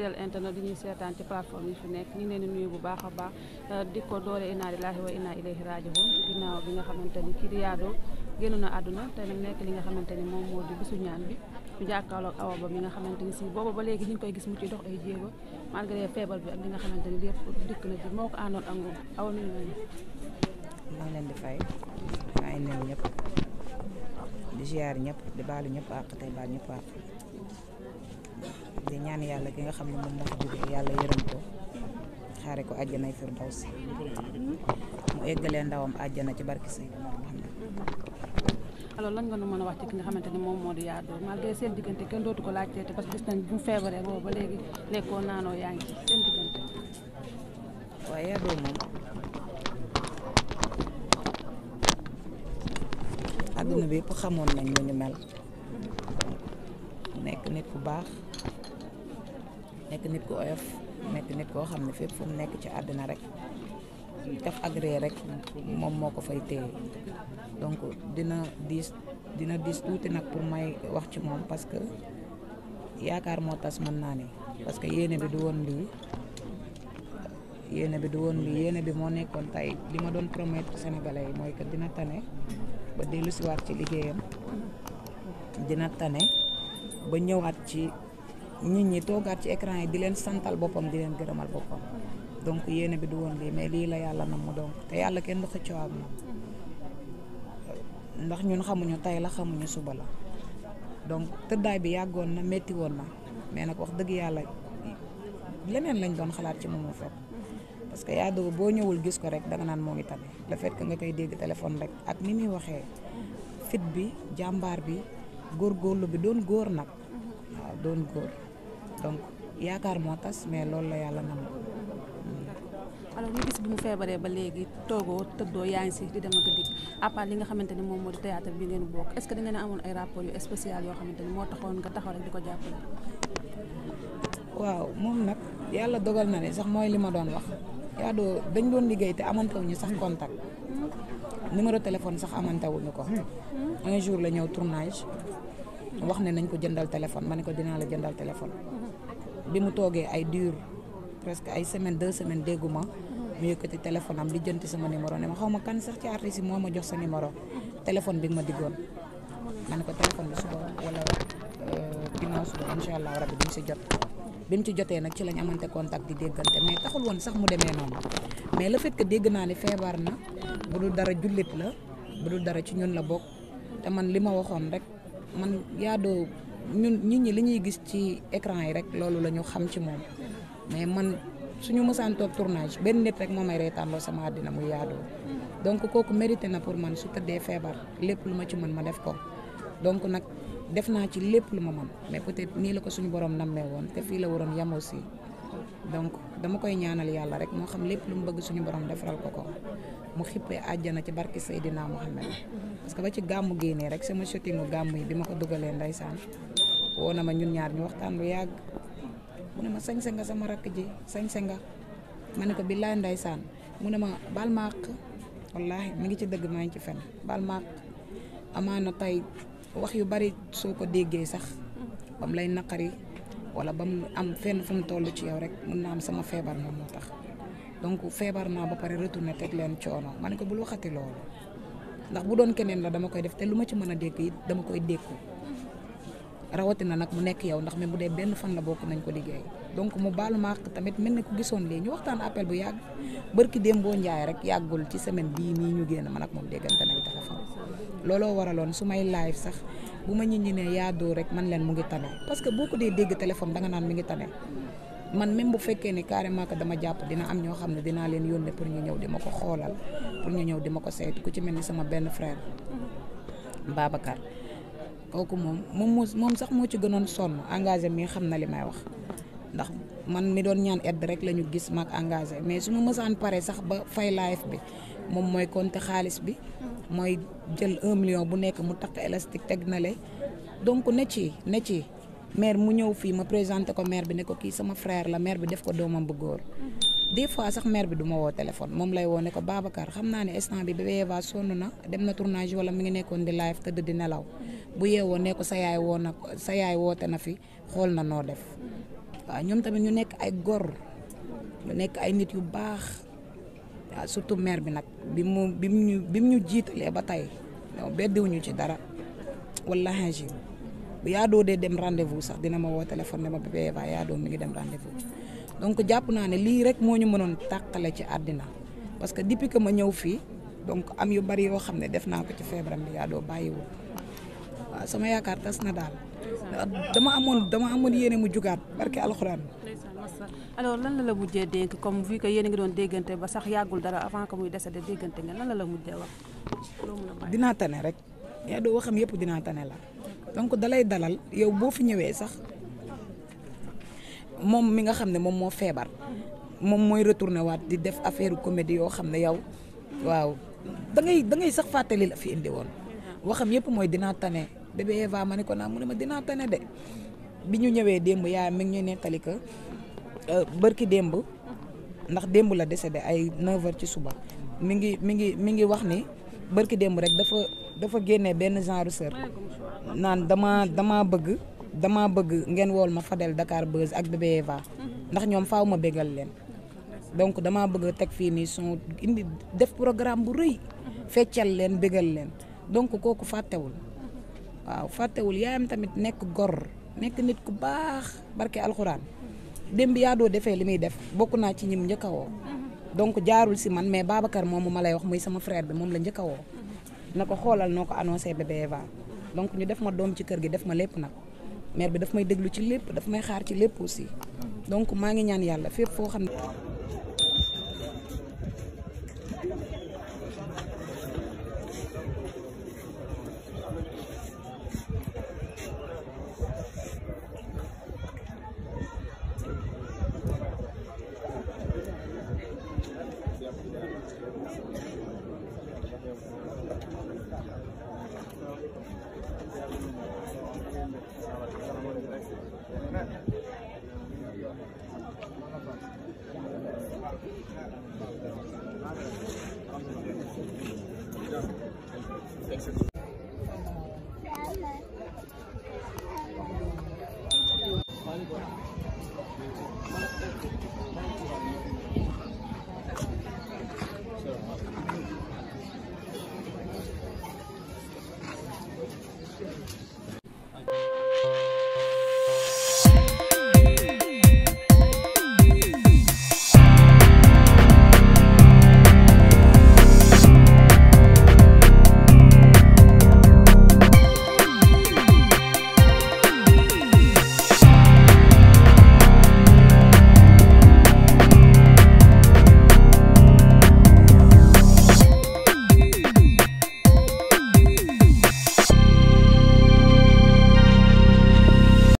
fidèle internet di ñuy seetaan ci plateforme yi fi nekk ñu ngi leen di nuyu bu baax a baax euh, di ko doole inna lillahi wa inna ilayhi rajiun ginnaaw bi nga xamante ni kii di yaadoo génn na àdduna te nag nekk li nga xamante ni moom moo di bisu ñaan bi ñu jàkkaarloog awa ba mi xamante ni si booba ba léegi ñu koy gis mu ci dox ay jéego malgré bi ak li nga xamante ni lépp dikk na ci moo ko àndoon ak moom awa leen di fay maa ngi leen ñëpp di ziar ñëpp baalu ñëpp àq tey baal ñëpp àq di ñaan yàlla ki nga xam ne moom moo ko yàlla yërëm ko xaare ko àjjanay firdawsi mu eggalee ndawam àjj na ci barki say alors lan nga nu mën a wax ci ki nga xamante ni moom moo di Yado malgré seen diggante kenn dootu ko laaj te parce que gis nañ bu mu feebaree boobu ba léegi nekkoon naanoo yaa ngi seen diggante. waaye Yado moom àdduna bi yëpp xamoon nañ lu ñu mel nekk nit baax nekk nit ku oyof nekk nit koo xam ne fépp fu mu nekk ci àddina rek daf agréé rek moom moo ko fay téye donc dina diis dina diis tuuti nag pour may wax ci moom parce que yaakaar moo tas mën naa ne parce que yéene bi du woon lii yéene bi du woon lii yéene bi moo nekkoon tey li ma doon promettre Sénégalais yi mooy que dina tane ba dellusiwaat ci liggéeyam dina tane ba ñëwaat ci nit ñi toogaat ci écran yi di leen santal boppam di leen gërëmal boppam donc yéene bi du woon lii mais lii la yàlla nam mu donc te yàlla kenn du xëccoo ak ndax ñun xamuñu tey la xamuñu suba la donc tëddaay bi yàggoon na métti woon na mais nag wax dëgg yàlla leneen lañ doon xalaat ci moom fekk parce que yaa dugg boo ñëwul gis ko rek danga naan moo ngi tane le fait nga koy dégg téléphone rek ak ni muy waxee fit bi jàmbaar bi góorgóorlu bi doon góor nag waaw doon góor donc yaakaar moo tas mais loolu la yàlla nam alors ñu gis bi mu feebaree ba léegi toogoo tëddoo yaa ngi si di dem ak a dikk li nga xamante ni moom moo di bi ngeen bokk est ce que da amoon ay rapport yu spécial yoo xamante ni moo taxoon nga taxaw rek di ko jàppale. waaw moom nag yàlla dogal na ne sax mooy li ma doon wax yaa doo dañ doon liggéey te amantewuñu sax contact hmm? numéro téléphone sax amantewuñu ko. Hmm? un jour la ñëw tournage. wax ne nañ ko jëndal téléphone ma ne ko dinaa la jëndal téléphone bi mu toogee ay dur presque ay semaine deux semaines dégguma mu yëkkati téléphone am di jënti sama numéro ne ma xaw ma kan sax ci artiste yi moo ma jox sa numéro téléphone bi nga ma diggoon ma ne ko téléphone bi suba wala ginnaaw euh, allah rabi bi mu si jot bi mu ci jotee nag ci lañ amante contact di déggante mais taxul woon sax mu demee noonu mais la fait dégg naa ne feebar na bu dul dara jullit la bu dul dara ci ñun la bokk te man li ma waxoon rek man yaadoo ñun nit ñi li ñuy gis ci écran yi rek loolu la ñu xam ci moom mais man suñu mësaan toog tournage benn nit rek moo may reetaanloo sama àddina muy yaadoo donc kooku mérité na pour man su tëddee feebar lépp lu ma ci mën ma def ko donc nag def naa ci lépp lu ma mën mais peut-être nii la ko suñu borom nammee woon te fii la waroon yam aussi donc dama koy ñaanal yàlla rek moo xam lépp lu mu bëgg suñu borom defaral ko ko mu xippee àjjana ci barki Seydina Mohamed parce que ba ci gàmm génnee rek sama shootingu gàmmu yi bi ma ko dugalee ndeysaan woo na ma ñun ñaar ñu waxtaan lu yàgg mu ne ma sañse nga sama rakk ji sañse nga ma ne ko billaay ndeysaan mu ne ma baal ma àq wallaahi mi ngi ci dëgg maa ngi ci fen baal ma àq amaana tey wax yu bari soo ko déggee sax bam lay naqari wala ba mu am fenn fu mu toll ci yow rek mun naa am sama feebar na moo tax donc feebar naa ba pare retourné teg leen coono ma ne ko bul waxati loolu ndax bu doon keneen la dama koy def te lu ma ci mën a dégg it dama koy dékku rawatina nag mu nekk yow ndax même bu dee benn fan la bokk nañ ko liggéey donc mu baalu maak tamit mel ne ku gisoon lii ñu waxtaan appel bu yàgg bërki déem boo njaay rek yàggul ci semaine bii nii ñu génn man ak moom déggante nañ téléphone looloo waraloon su may live sax bu ma ñit ñi ne yaa dóor rek man leen mu ngi tane parce que boo ko dee dégg téléphone danga naan mi ngi tane man même bu fekkee ni carrément que dama jàpp dina am ñoo xam ne dinaa leen yónnee pour ñu ñëw di ma ko xoolal pour ñu ñëw di ma ko seet ku ci mel ni sama benn frère mm-hmm. Babacar kooku moom moom moom sax moo ci gënoon sonn engagé mi xam na li may wax ndax man mi doon ñaan edd rek la ñu gis mag engagé mais su ma mësaan pare sax ba fay live bi moom mooy compter xaalis bi mooy jël un million bu nekk mu takk élastique teg na le donc ne ci ne ci maire mu ñëw fii ma présenté ko maire bi ne ko kii sama frère la maire bi def ko doomam bu góor des fois sax maire bi du ma woo téléphone moom lay woo ne ko Babacar xam naa ne instant bi bébé Eva sonn na dem na tournage wala mi ngi nekkoon di live tëdd di nelaw bu yeewoo ne ko sa yaay woo na sa yaay woote na fi xool na noo def waaw ñoom tamit ñu nekk ay gor ñu nekk ay nit yu baax surtout maire bi nag bi mu bi mu ñu bi mu ñu jiitalee ba tey beddiwuñu ci dara wallahi ji bu yaadoo dee dem rendez-vous sax dina ma woo téléphone ne ma bébé Eva yaadoo mu ngi dem rendez-vous donc jàpp naa ne lii rek moo ñu mënoon tàqale ci àddina parce que depuis que ma ñëw fii donc am yu bari yoo xam ne def naa ko ci feebaram bi yaadoo bàyyiwul waaw sama yaakaar tas na daal dama amoon dama amoon yéene mu jugaat barke alxuraan alors lan la la mujjee dénk comme vu que yéen ngi doon déggante ba sax yàggul dara avant que muy décédé déggante nga lan la la mujjee wax. dinaa tane rek yaa waxam yëpp dinaa tane la donc dalay dalal yow boo fi ñëwee sax moom mi nga xam ne moom moo feebar moom mooy retourné waat di def affaire comédie yoo xam ne yow waaw da ngay sax fàttali la fi indi woon waxam yëpp mooy dinaa tane bébé Eva ma ne ko naa mu ne ma dinaa tane de bi ñu ñëwee démb yaay mi ngi ñuy nettali Euh, bërki démb ndax démb la décédé ay 9 ci suba mi ngi mi ngi mi ngi wax ni bërki démb rek dafa dafa génne benn genre sœur naan dama dama bëgg dama bëgg ngeen wool ma Fadel Dakar Buzz ak bébé Eva ndax ñoom faw ma bégal leen donc dama bëgg teg fii nii son indi def programme bu rëy feccal leen bégal leen donc kooku fàttewul waaw fàttewul yaayam tamit nekk gor nekk nit ku baax barke alxuraan démb yaa doo defee li muy def bokk naa ci ñim njëkk woo donc jaarul si man mais moom mu ma lay wax muy sama frère bi moom la njëkk woo na ko xoolal noo ko annoncé bébé Eva donc ñu def ma doom ci kër gi def ma lépp nag mère bi daf may déglu ci lépp daf may xaar ci lépp aussi donc maa ngi ñaan yàlla fépp foo xam ne Thanks,